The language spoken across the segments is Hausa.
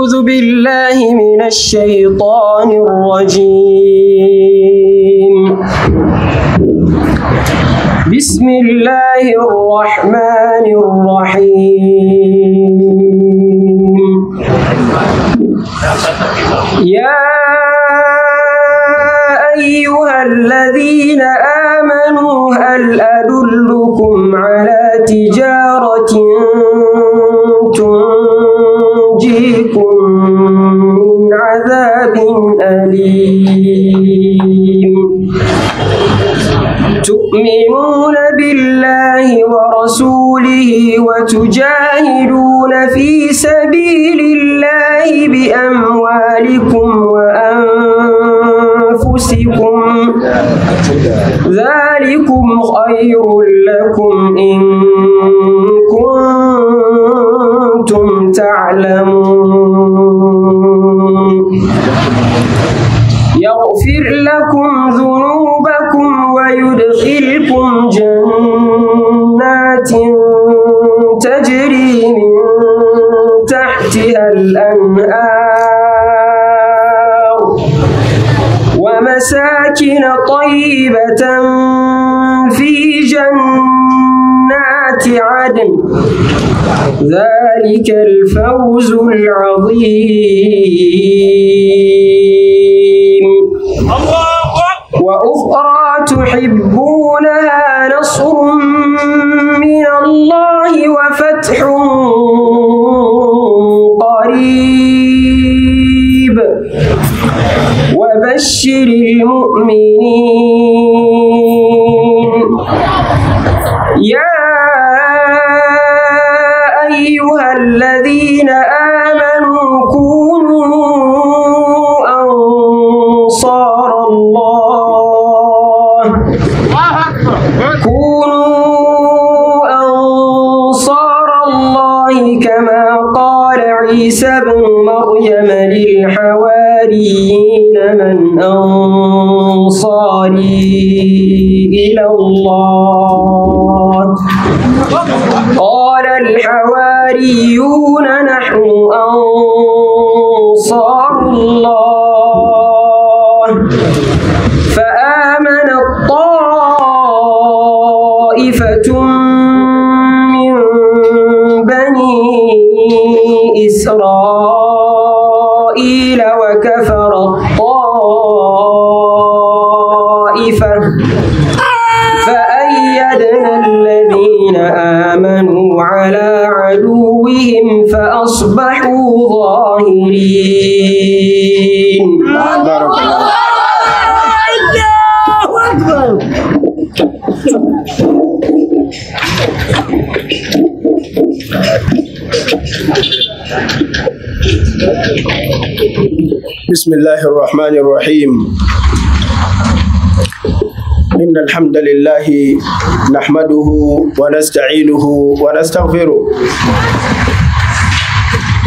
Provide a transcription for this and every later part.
أعوذ بالله من الشيطان الرجيم بسم الله الرحمن الرحيم يا أيها الذين آمنوا هل أدلكم على تجارة تؤمنون بالله ورسوله وتجاهدون في سبيل الله بأموالكم وأنفسكم ذلكم خير لكم إن كنتم تعلمون يغفر لكم ذنوبكم ويدخلكم جنات تجري من تحتها الأنهار ومساكن طيبة في جنات عدن ذلك الفوز العظيم وأخرى تحبونها نصر من الله وفتح قريب وبشر المؤمنين بسم الله الرحمن الرحيم إن الحمد لله نحمده ونستعينه ونستغفره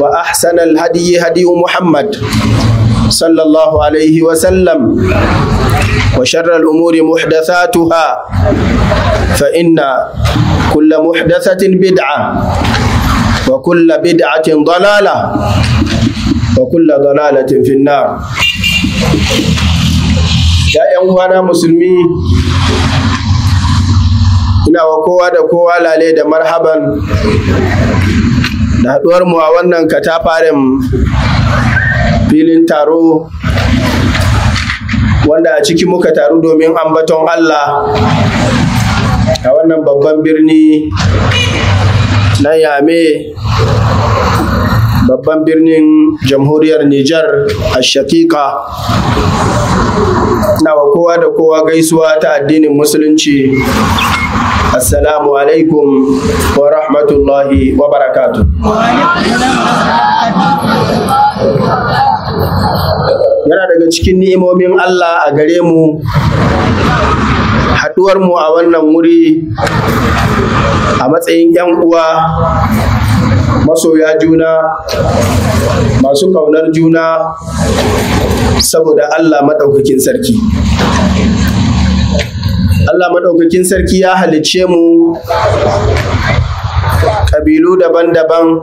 وأحسن الهدي هدي محمد صلى الله عليه وسلم وشر الأمور محدثاتها فإن كل محدثة بدعة وكل بدعة ضلالة وكل ضلالة في النار يا أيها المسلمين ina wa kowa da kowa lale da marhaban da haɗuwar mu a wannan katafaren filin taro wanda a ciki muka taru domin ambaton Allah a wannan babban birni na yame babban birnin jamhuriyar Nijar a shakika na wa kowa da kowa gaisuwa ta addinin musulunci assalamu alaikum wa rahmatullahi wa barakatu yana daga cikin ni'imomin Allah a gare mu haɗuwar mu a wannan wuri a matsayin 'yan uwa masoya juna masu kaunar juna saboda Allah maɗaukakin sarki Allah maɗaukakin sarki ya halicce mu ƙabilu daban-daban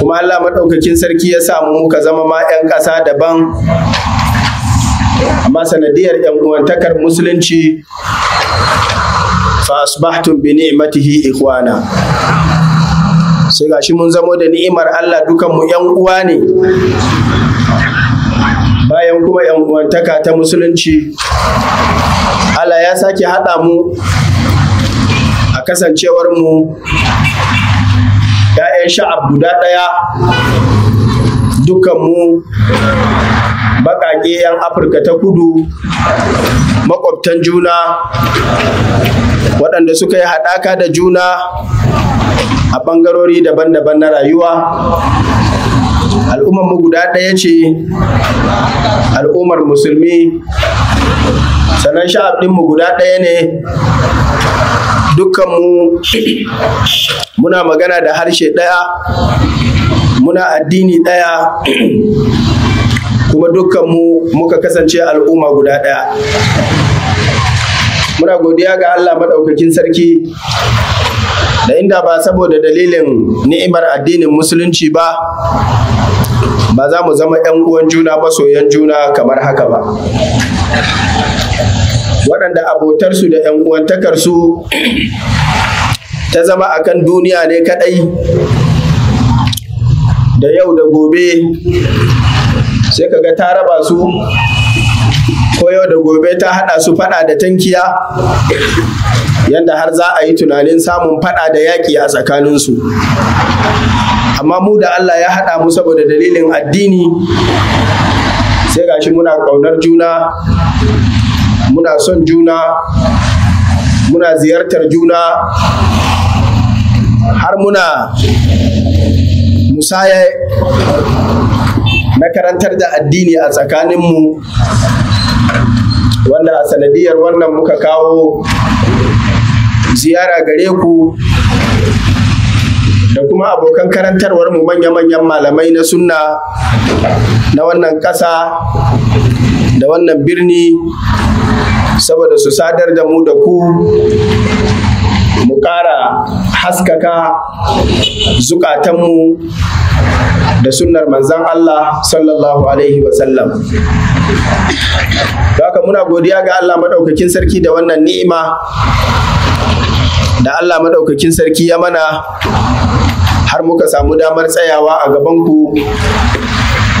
kuma Allah maɗaukakin sarki ya sa mu muka zama ma 'yan ƙasa daban amma sanadiyar 'yan uwantakar musulunci fa asbahtum bi ni'matihi ikhwana sai gashi mun zamo da ni'imar Allah dukanmu 'yan uwa ne bayan kuma 'yan uwantaka ta musulunci ya sake haɗa mu a kasancewar mu ‘ya'yan sha'ab guda ɗaya mu baƙaƙe 'yan afirka ta kudu makwabtan juna waɗanda suka yi haɗaka da juna a ɓangarori daban-daban na rayuwa al'ummar mu guda ɗaya ce al'ummar musulmi sannan sha'ab ɗinmu guda ɗaya ne dukkanmu muna magana da harshe ɗaya muna addini ɗaya kuma dukkanmu muka kasance al'umma guda ɗaya muna godiya ga allah maɗaukakin sarki da inda ba saboda dalilin ni'imar addinin musulunci ba ba za mu zama 'yan uwan juna masoyan juna kamar haka ba waɗanda abotarsu da 'yan uwantakarsu ta zama akan duniya ne kaɗai da yau da gobe sai kaga ta raba su ko yau da gobe ta haɗa su faɗa da tankiya yadda har za a yi tunanin samun faɗa da yaƙi a tsakaninsu amma mu da Allah ya haɗa mu saboda dalilin addini sai gashi muna ƙaunar juna muna son juna muna ziyartar juna har muna musaya na karantar da addini a tsakaninmu wanda a sanadiyar wannan muka kawo ziyara gare ku da kuma abokan karantarwar mu manya-manyan malamai na sunna na wannan ƙasa da wannan birni saboda su sadar da mu da ku mu ƙara haskaka zukatanmu da sunnar manzan Allah sallallahu alaihi wasallam. haka muna godiya ga Allah maɗaukakin sarki da wannan ni'ima da Allah maɗaukakin sarki ya mana har muka samu damar tsayawa a gaban ku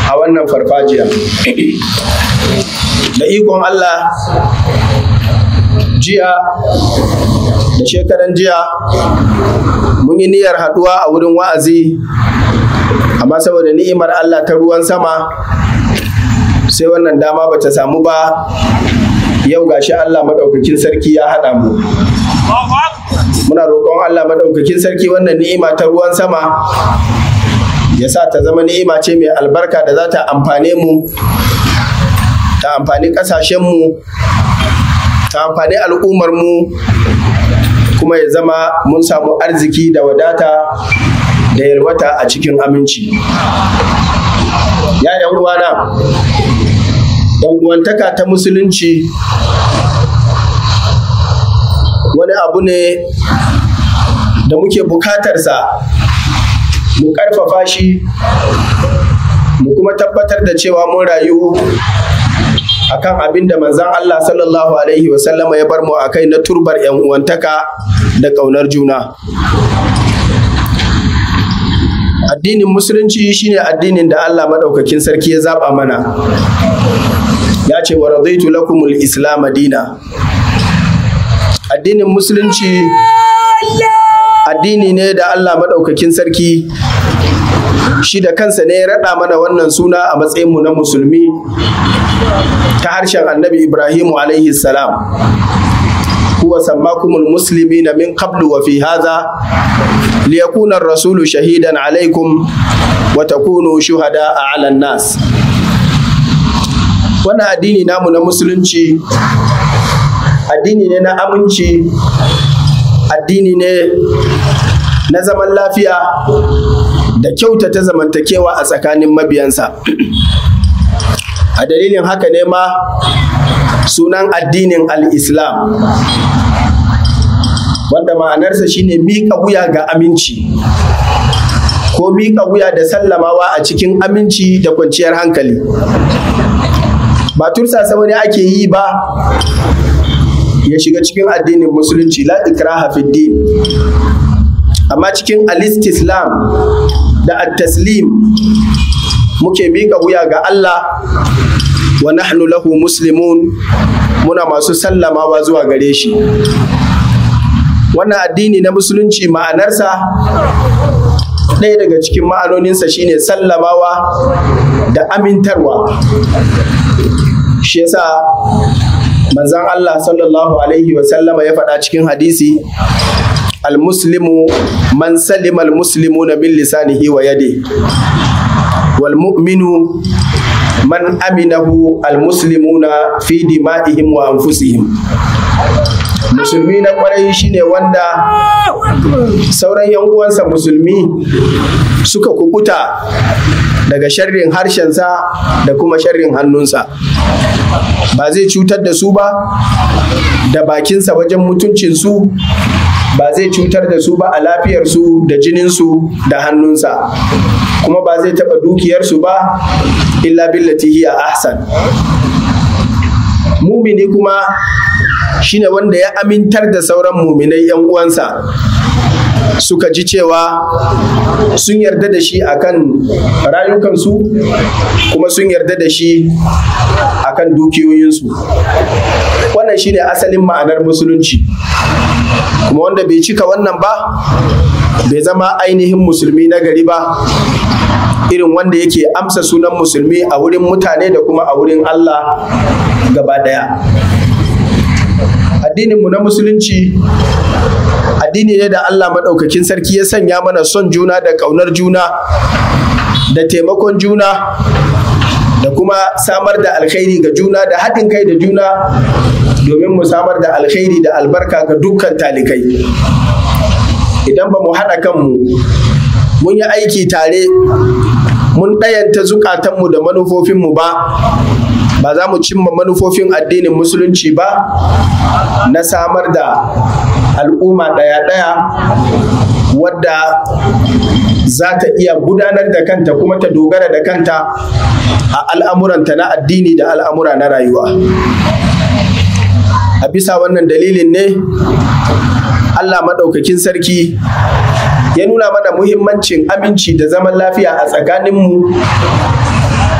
a wannan farfajiya da ikon Allah jiya da shekaran jiya mun yi niyyar haduwa a wurin wa'azi amma saboda ni'imar Allah ta ruwan sama sai wannan dama bata samu ba yau gashi Allah maɗaukakin sarki ya haɗa mu muna roƙon Allah madaukakin sarki wannan ni'ima ta ruwan sama ya sa ta zama ni'ima ce mai albarka da za ta amfane mu ta amfani ƙasashenmu ta amfani al'ummarmu kuma ya zama mun samu arziki da wadata da yalwata a cikin aminci ya uwana uwantaka ta musulunci wani abu ne da muke bukatarsa mu ƙarfafa shi mu kuma tabbatar da cewa mun rayu akan abin da manzan Allah sallallahu alaihi wasallama ya bar mu a kai na turbar yan uwantaka da ƙaunar juna addinin musulunci shine addinin da Allah maɗaukakin sarki ya zaɓa mana ya ce wa radaitu lakumul islam dina addinin musulunci addini ne da Allah maɗaukakin sarki shi da kansa ne ya raɗa mana wannan suna a matsayinmu na musulmi ta harshen annabi ibrahimu alaihi salam huwa sammakumul muslimi na min qablu wa fi haza liyakuna rasulu shahidan alaikum wa takunu shuhada a alan nas wannan addini namu na musulunci addini ne na aminci addini ne na zaman lafiya da kyauta kyautata zamantakewa a tsakanin mabiyansa a dalilin haka ne ma sunan addinin al-islam wanda ma'anarsa shine miƙa wuya ga aminci ko miƙa wuya da sallamawa a cikin aminci da kwanciyar hankali ba tursasa wani ake yi ba ya shiga cikin addinin musulunci la ikraha fi din amma cikin alistislam da at-taslim muke miƙa wuya ga Allah wa nahnu lahu muslimun muna masu sallamawa zuwa gare shi wannan addini na musulunci ma'anarsa ɗaya daga cikin ma'anoninsa shine sallamawa da amintarwa shi yasa manzan Allah sallallahu alaihi wa sallama ya faɗa cikin hadisi almuslimu man salima na min lisanihi wa yade wal man aminahu almuslimuna fi dima'ihim wa anfusihim musulmi na kwarai shine wanda sauran yan uwansa musulmi suka kukuta daga sharrin harshensa da kuma sharrin hannunsa ba zai cutar da su ba da bakinsa wajen mutuncinsu ba zai cutar da su ba a lafiyar su, da jininsu da hannunsa kuma ba zai taɓa dukiyarsu ba illa billati a ahsan mumini kuma shine wanda ya amintar da sauran muminai 'yan uwansa suka ji cewa sun yarda da shi a kan rayukansu kuma sun yarda da shi a kan dukiyoyinsu wannan ne asalin ma'anar musulunci kuma wanda bai cika wannan ba bai zama ainihin musulmi na gari ba irin wanda yake amsa sunan musulmi a wurin mutane da kuma a wurin Allah gaba daya addininmu na musulunci addini ne da Allah maɗaukakin sarki ya sanya mana son juna da ƙaunar juna da taimakon juna da kuma samar da alkhairi ga juna da haɗin kai da juna domin mu samar da alkhairi da albarka ga dukkan talikai idan ba mu haɗa kanmu mun yi aiki tare mun ɗayanta zukatanmu da manufofinmu ba ba za mu cimma manufofin addinin musulunci ba na samar da al'umma ɗaya-ɗaya wadda za ta iya gudanar da kanta kuma ta dogara da kanta a al'amuranta na addini da al'amura na rayuwa a bisa wannan dalilin ne Allah maɗaukakin sarki ya nuna mana muhimmancin aminci da zaman lafiya a tsakaninmu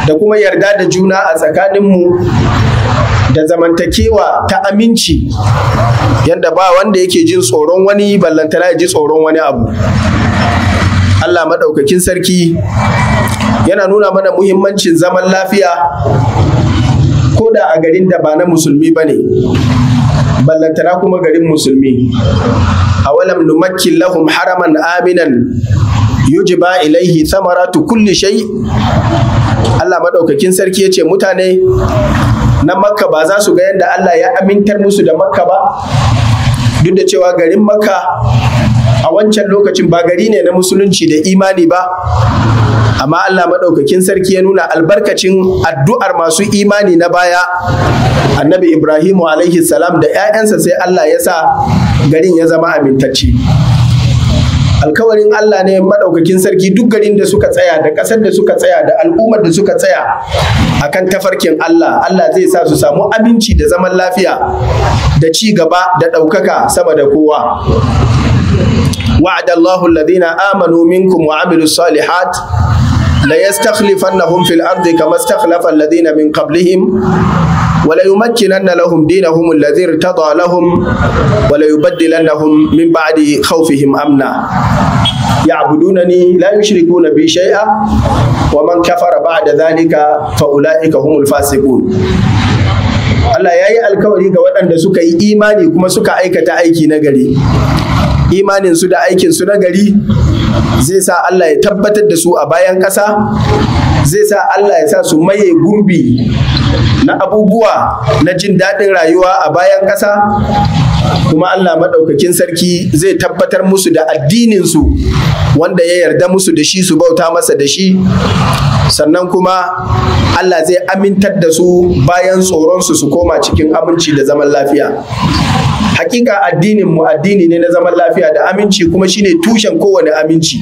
da kuma yarda da juna a tsakaninmu da zamantakewa ta aminci yadda ba wanda yake jin tsoron wani ballantana ya ji tsoron wani abu Allah maɗaukakin sarki yana nuna mana muhimmancin zaman lafiya ko da a garin da ba na musulmi ba ne ballantana kuma garin musulmi awalam numakkin lahum haraman aminan yujiba ilaihi samaratu kulli shai Allah maɗaukakin sarki ya ce mutane na makka ba za su ga yadda Allah ya amintar musu da makka ba duk da cewa garin makka a wancan lokacin ba gari ne na musulunci da imani ba amma Allah maɗaukakin sarki ya nuna albarkacin addu'ar masu imani na baya annabi ibrahimu alaihi salam da 'ya'yansa sai Allah ya sa garin ya zama amintacce alkawarin Allah ne madaukakin sarki duk garin da suka tsaya da ƙasar da suka tsaya da al'ummar da suka tsaya akan tafarkin Allah Allah zai sa su samu aminci da zaman lafiya da ci gaba da ɗaukaka sama da kowa وعد الله الذين آمنوا منكم وعملوا الصالحات ليستخلفنهم في الأرض كما استخلف الذين من قبلهم wala yumakkinanna lahum dinahum alladhi irtada lahum wala yubaddilannahum min ba'di khawfihim amna ya'budunani la yushrikuna bi shay'a wa man kafara ba'da dhalika fa ulaika humul fasiqun Allah ya yi alkawari ga waɗanda suka yi imani kuma suka aikata aiki nagari. Imaninsu da aikinsu nagari zai sa Allah ya tabbatar da su a bayan ƙasa zai sa Allah ya sa su maye gurbi na abubuwa na jin daɗin rayuwa a bayan ƙasa kuma Allah maɗaukakin sarki zai tabbatar musu da addininsu wanda ya yarda musu da shi su bauta masa da shi sannan kuma Allah zai amintar da su bayan tsoronsu su koma cikin aminci da zaman lafiya hakika addinin mu addini ne na zaman lafiya da aminci kuma shine tushen kowane aminci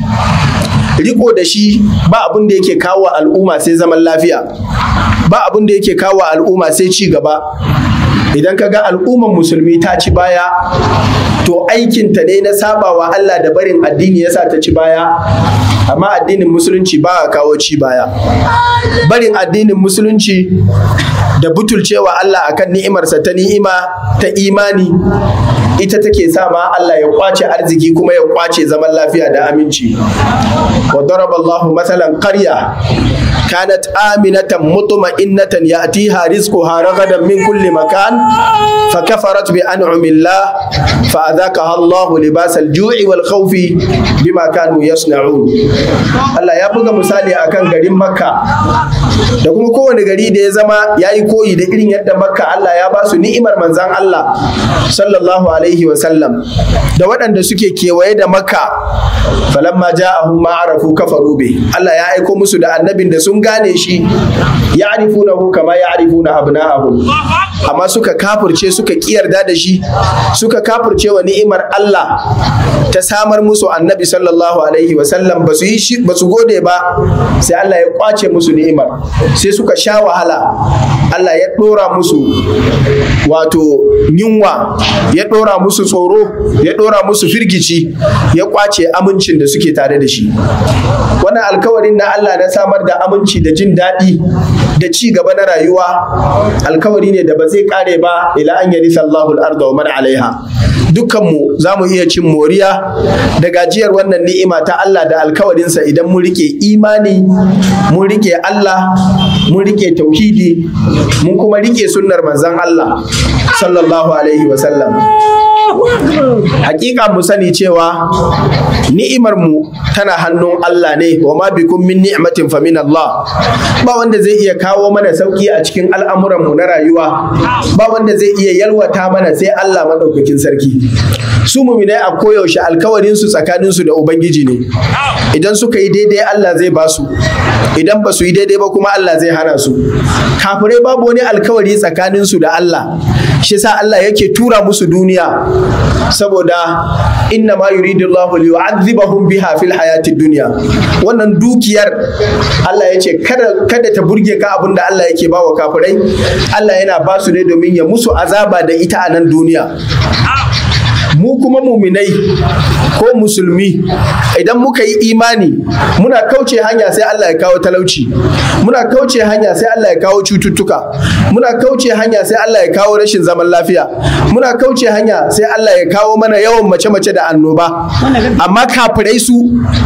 riko da shi ba abin da yake kawo al'umma sai zaman lafiya ba abin da yake kawo al'umma sai ci gaba idan ka ga al'ummar musulmi ta ci baya to aikinta ne na sabawa Allah da barin addini ya sa ta ci baya amma addinin musulunci ba kawo ci baya barin addinin musulunci da butulcewa Allah akan ni'imarsa ta ni'ima ta imani ita take sa ma Allah ya kwace arziki kuma ya kwace zaman lafiya da aminci wa daraba Allah masalan qarya kanat aminatan mutma'innatan ya'tiha rizquha ragadan min kulli makan fakafarat bi an'ami Allah fa adhaqaha Allah libas al-ju'i wal khawfi bima kanu yasna'un Allah ya buga misali akan garin Makka da kuma kowane gari da ya zama yayi koyi da irin yadda makka Allah ya ba su ni'imar manzan Allah sallallahu alaihi wa sallam da waɗanda suke kewaye da makka falamma ja'ahum ma arafu kafaru bi Allah ya aiko musu da annabin da sun gane shi ya'rifunahu kama ya'rifuna abna'ahum amma suka kafurce, suka kiyarda da shi suka kafurce wa ni'imar Allah ta samar musu annabi sallallahu alaihi wa sallam ba su yi ba su gode ba sai Allah ya kwace musu ni'imar sai suka sha wahala Allah ya ɗora musu wato yunwa ya ɗora musu tsoro ya ɗora musu firgici ya kwace amincin da suke tare da shi wannan alkawarin na Allah na samar da aminci da jin daɗi da ci gaba na rayuwa alkawari ne da ba zai kare ba ila an yi sallahu wa man alaiha dukkanmu za mu iya cin moriya da gajiyar wannan ni'ima ta Allah da alkawarinsa idan mun rike imani mun rike Allah mun rike tauhidi mun kuma rike sunnar manzon Allah sallallahu alaihi wa sallam. hakika mu sani cewa ni'imar mu tana hannun Allah ne wa ma bikum min ni'matin fa min Allah ba wanda zai iya kawo mana sauki a cikin al'amuran mu na rayuwa ba wanda zai iya yalwata mana sai Allah madaukakin sarki su muminai a koyaushe alkawarin su tsakanin su da ubangiji ne idan suka yi daidai Allah zai ba su idan ba su yi daidai ba kuma Allah zai hana su kafirai babu wani alkawari tsakanin su da Allah shi yasa Allah yake tura musu duniya saboda inna ma yuridullahu liyu'adhibahum biha fil hayatid dunya wannan dukiyar Allah yace kada kada ta burge ka abin da Allah yake bawa kafirai Allah yana ba su ne domin ya musu azaba da ita a nan duniya mu kuma muminai ko musulmi idan muka yi imani muna kauce hanya sai Allah ya kawo talauci muna kauce hanya sai Allah ya kawo cututtuka muna kauce hanya sai Allah ya kawo rashin zaman lafiya muna kauce hanya sai Allah ya kawo mana yawan mace-mace da annoba amma kafirai su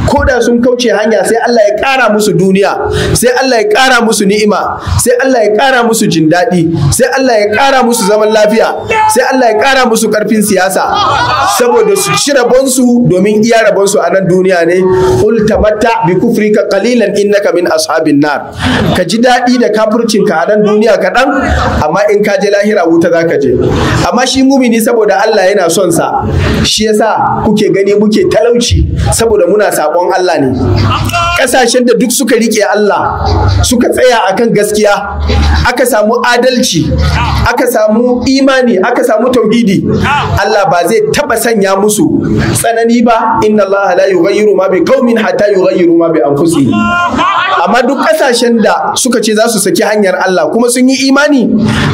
ko da sun kauce hanya sai Allah ya ƙara musu duniya sai Allah ya ƙara musu ni'ima sai Allah ya ƙara musu jin daɗi sai Allah ya ƙara musu zaman lafiya sai Allah ya ƙara musu ƙarfin siyasa saboda su ci rabonsu domin iya rabonsu a nan duniya ne kul tamatta bi kufrika qalilan innaka min ashabin nar ka ji daɗi da kafircin ka a nan duniya kaɗan amma in ka je lahira wuta za ka je amma shi mumini saboda Allah yana son sa shi yasa kuke gani muke talauci saboda muna sakon Allah ne ƙasashen da duk suka rike Allah suka tsaya akan gaskiya aka samu adalci aka samu imani aka samu tauhidi Allah ba zai taba sanya musu tsanani ba inna Allah la yughayyiru ma bi qaumin hatta yughayyiru ma bi anfusihim amma duk kasashen da suka ce za su saki hanyar Allah kuma sun yi imani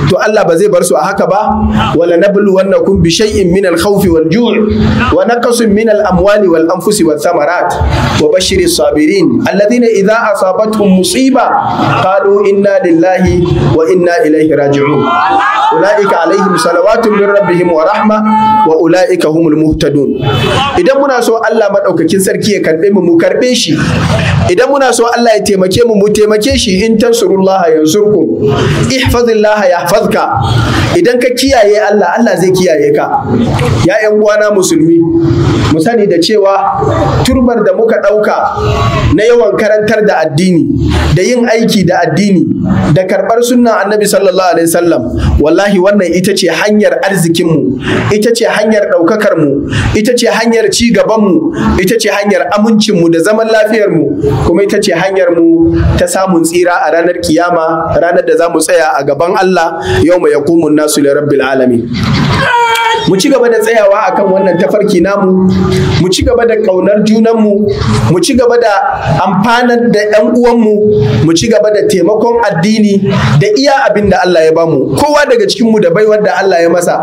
to Allah ba zai bar su a haka ba wala nablu wannakum bi shay'in min al khawfi wal ju' wa naqsin min al amwali wal anfusi wat thamarat wa bashiri sabirin alladhina idza asabatuhum musiba qalu inna lillahi wa inna ilayhi raji'un ulaika alaihim salawatu min rabbihim wa rahma wa ulaika humul muhtadun idan muna so Allah madaukakin sarki ya karbe mu mu karbe shi idan muna so Allah ya taimake mu mu taimake shi in tansurullaha yansurkum ihfazillaha yahfazka idan ka kiyaye Allah Allah zai kiyaye ka ya ƴan uwana musulmi mu sani da cewa turbar da muka ɗauka na yawan karantar da addini da yin aiki da addini da karɓar sunna annabi sallallahu alaihi wasallam wallahi wannan ita ce hanyar arzikinmu ita ce hanyar ɗaukakarmu ita ce hanyar ci gabanmu ita ce hanyar amincinmu da zaman lafiyarmu kuma ita ce hanyarmu ta samun tsira a ranar kiyama ranar da za mu tsaya a gaban Allah yau mai yakumun nasu li rabbil alamin mu ci gaba da tsayawa akan wannan tafarki namu mu ci gaba da ƙaunar junanmu mu ci gaba da amfanar da 'yan uwanmu mu ci gaba da taimakon addini da iya abin da Allah ya bamu kowa daga cikinmu da baiwar da Allah ya masa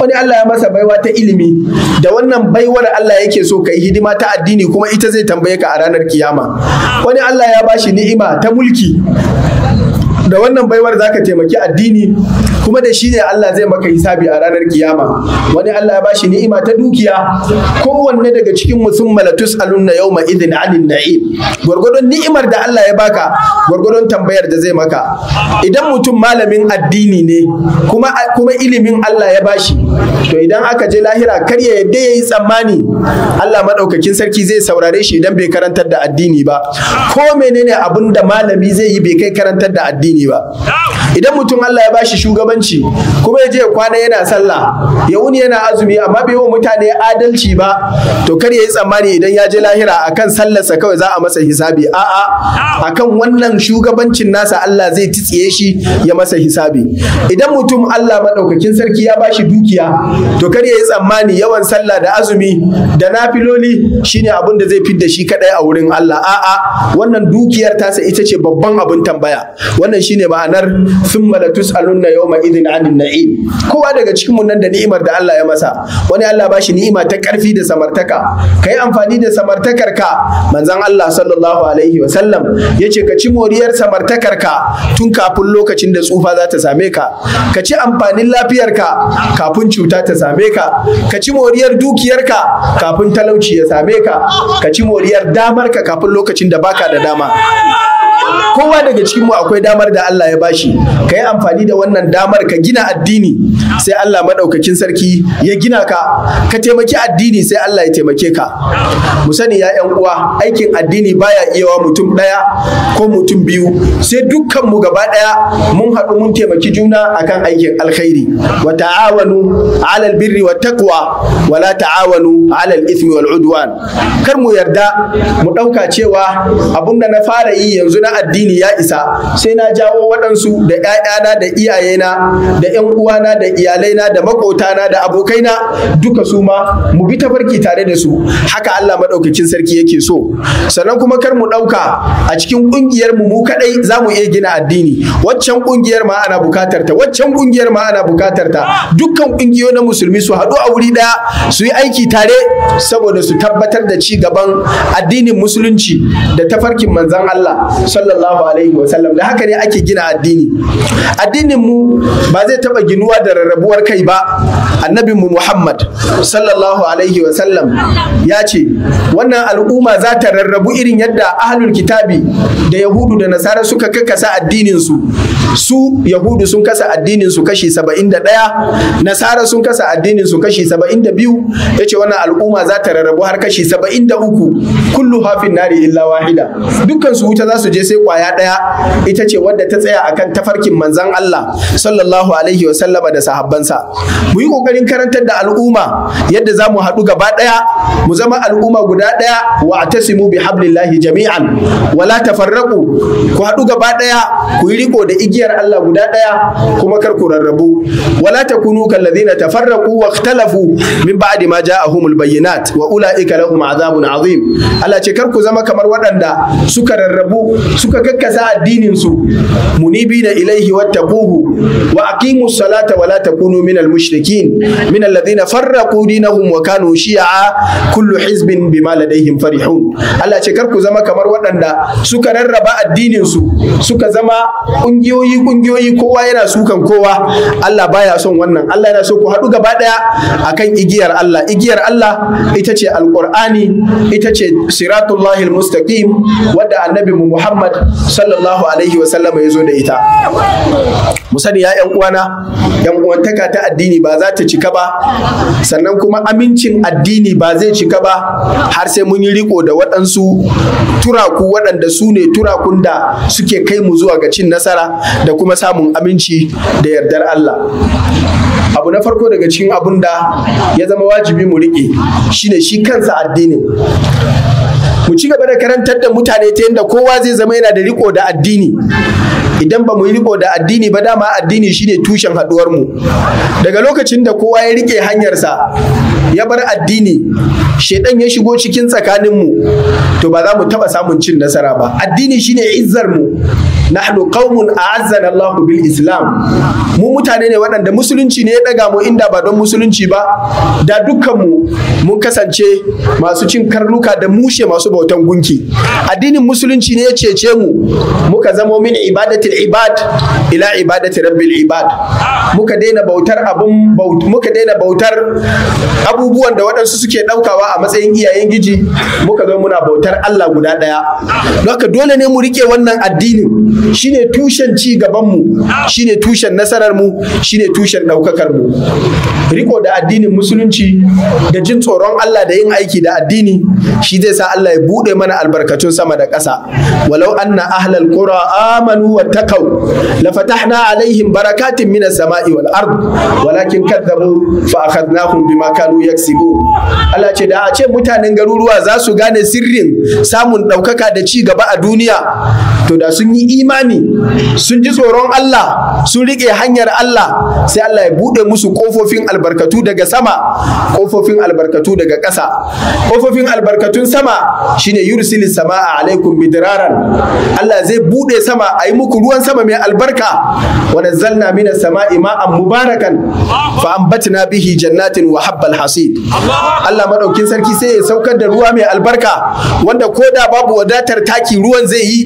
wani Allah ya masa baiwa ta ilimi da wannan baiwar Allah yake so ka yi hidima ta addini kuma ita zai tambaye ka a ranar kiyama wani Allah ya bashi ni'ima ta mulki da wannan baiwar zaka taimaki addini kuma da shi ne Allah zai maka hisabi a ranar kiyama wani Allah ya bashi ni'ima ta dukiya kowanne daga cikin musum malatus alunna yawma idin anin na'im gwargwadon ni'imar da Allah ya baka gwargwadon tambayar da zai maka idan mutum malamin addini ne kuma kuma ilimin Allah ya bashi to idan aka je lahira kar ya yadda yi tsammani Allah madaukakin sarki zai saurare shi idan bai karantar da addini ba ko menene abin da malami zai yi bai kai karantar da addini ba idan mutum Allah ya bashi shugabanci kuma ya je kwana yana sallah ya wuni yana azumi amma bai wa mutane adalci ba to kar ya yi tsammani idan ya je lahira akan sallar sa kawai za a masa hisabi a'a akan wannan shugabancin nasa Allah zai titsiye shi ya masa hisabi idan mutum Allah madaukakin sarki ya bashi dukiya to kar ya yi tsammani yawan sallah da azumi da nafiloli shine abin da zai fidda shi kadai a wurin Allah a'a wannan dukiyar tasa ita ce babban abin tambaya wannan shine ma'anar thumma la tus'alunna yawma idhin an na'im kowa daga cikin nan da ni'imar da Allah ya masa wani Allah ba shi ni'ima ta karfi da samartaka Ka yi amfani da samartakarka? ka manzon Allah sallallahu alaihi wa sallam yace ka ci moriyar samartakarka tun kafin lokacin da tsufa za ta same ka ka ci amfanin lafiyarka kafin cuta ta same ka ka ci moriyar dukiyarka kafin talauci ya same ka ka ci moriyar damarka kafin lokacin da baka da dama kowa daga cikin mu akwai damar da Allah ya bashi ka yi amfani da wannan damar ka gina addini sai Allah madaukakin sarki ya gina ka ka taimaki addini sai Allah ya taimake ka mu sani ya yan uwa aikin addini baya iyawa mutum ɗaya ko mutum biyu sai dukkan mu gaba ɗaya mun haɗu mun taimaki juna akan aikin alkhairi wa ta'awanu 'alal birri wa taqwa wa la ta'awanu 'alal ithmi wal udwan kar mu yarda mu ɗauka cewa abunda na fara yi yanzu na na addini ya isa sai na jawo waɗansu da ‘ya'yana da iyayena da ‘yan uwana da iyalaina da maƙotana da abokaina duka su ma mu bi tafarki tare da su haka Allah maɗaukakin sarki yake so sannan kuma kar mu ɗauka a cikin ƙungiyar mu mu kaɗai za mu iya gina addini waccan ƙungiyar ma ana buƙatar ta waccan ƙungiyar ma ana buƙatar ta dukkan ƙungiyoyi na musulmi su haɗu a wuri ɗaya su yi aiki tare saboda su tabbatar da ci gaban addinin musulunci da tafarkin manzan Allah sallallahu alaihi wa da haka ne ake gina addini addinin mu ba zai taba ginuwa da rarrabuwar kai ba annabin mu Muhammad sallallahu alaihi wa ya ce wannan al'umma za ta rarrabu irin yadda ahlul kitabi da yahudu da nasara suka kakkasa addinin su su yahudu sun kasa addinin su kashi saba'in da ɗaya nasara sun kasa addinin su kashi saba'in da biyu ya wannan al'umma za ta rarrabu har kashi saba'in da uku kullu hafin nari illa wahida dukkan su wuta za su je sai kwaya ɗaya ita ce wadda ta tsaya akan tafarkin manzan Allah sallallahu alaihi wa sallama da sahabbansa mu yi kokarin karantar da al'umma yadda za mu haɗu gaba ɗaya mu zama al'umma guda ɗaya wa atasimu bi hablillahi jami'an wala tafarraqu ku haɗu gaba ɗaya ku yi riko da igiya shiriyar Allah guda ɗaya kuma kar ku rarrabu wala takunu kallazina tafarraqu wa ikhtalafu min ba'di ma ja'ahumul bayyinat wa ulaika lahum azabun azim Allah ce kar ku zama kamar waɗanda suka rarrabu suka kakkasa addinin su munibi da ilaihi wattaquhu wa aqimus salata wala takunu minal mushrikin min alladhina farraqu dinahum wa kanu shi'a kullu hizbin bima ladaihim farihun Allah ce kar ku zama kamar waɗanda suka rarraba addinin su suka zama ƙungiyoyi kungiyoyi kungiyoyi kowa yana sukan kowa Allah baya son wannan Allah yana so ku haɗu gaba ɗaya akan igiyar Allah igiyar Allah ita ce alqur'ani ita ce siratullahil mustaqim wadda annabi Muhammad sallallahu alaihi wa sallama ya zo da ita mu sani ya ƴan uwana ƴan uwantaka ta addini ba za ta cika ba sannan kuma amincin addini ba zai cika ba har sai mun yi riko da waɗansu turaku waɗanda su ne turakun da suke kai mu zuwa ga cin nasara da kuma samun aminci da yardar Allah abu na farko daga cikin abun da ya zama wajibi mu riƙe shine shi kansa addini. mu ci gaba da karantar da mutane ta yadda kowa zai zama yana da riko da addini idan ba mu yi riko da addini ba dama addini shine tushen haɗuwar mu daga lokacin da kowa ya riƙe hanyarsa ya bar addini shedan ya shigo cikin tsakanin mu to ba za mu taba samun cin nasara ba addini shine izzar mu nahnu qaumun a'azzana Allah bil Islam mu mutane ne waɗanda musulunci ne ya daga mu inda ba don musulunci ba da dukkan mu mun kasance masu cin karnuka da mushe masu bautan gunki addinin musulunci ne ya cece mu muka zamo min ibadatul ibad ila ibadati rabbil ibad muka daina bautar abun muka daina bautar abubuwan da waɗansu suke ɗaukawa a matsayin iyayen giji muka zo muna bautar Allah guda ɗaya haka dole ne mu rike wannan addinin shine tushen ci gaban mu shine tushen nasarar mu shine tushen ɗaukakar mu riko da addinin musulunci da jin tsoron Allah da yin aiki da addini shi zai sa Allah ya buɗe mana albarkatun sama da ƙasa walau anna ahlal qura amanu wa taqaw la fatahna alaihim barakatin minas sama'i wal ard walakin kadzabu fa akhadnahum bima kanu yaksibu Allah ce da a ce mutanen garuruwa za su gane sirrin samun ɗaukaka da ci gaba a duniya to da sun yi imani sun ji tsoron Allah sun riƙe hanyar Allah sai Allah ya buɗe musu ƙofofin albarkatu daga sama ƙofofin albarkatu daga ƙasa ƙofofin albarkatun sama shine yursil sama'a alaikum bidraran Allah zai buɗe sama a yi muku ruwan sama mai albarka wa nazzalna minas sama'i ma'an mubarakan fa ambatna bihi jannatin wa habbal Allah maɗaukin sarki sai ya saukar da ruwa mai albarka wanda ko da babu wadatar taki ruwan zai yi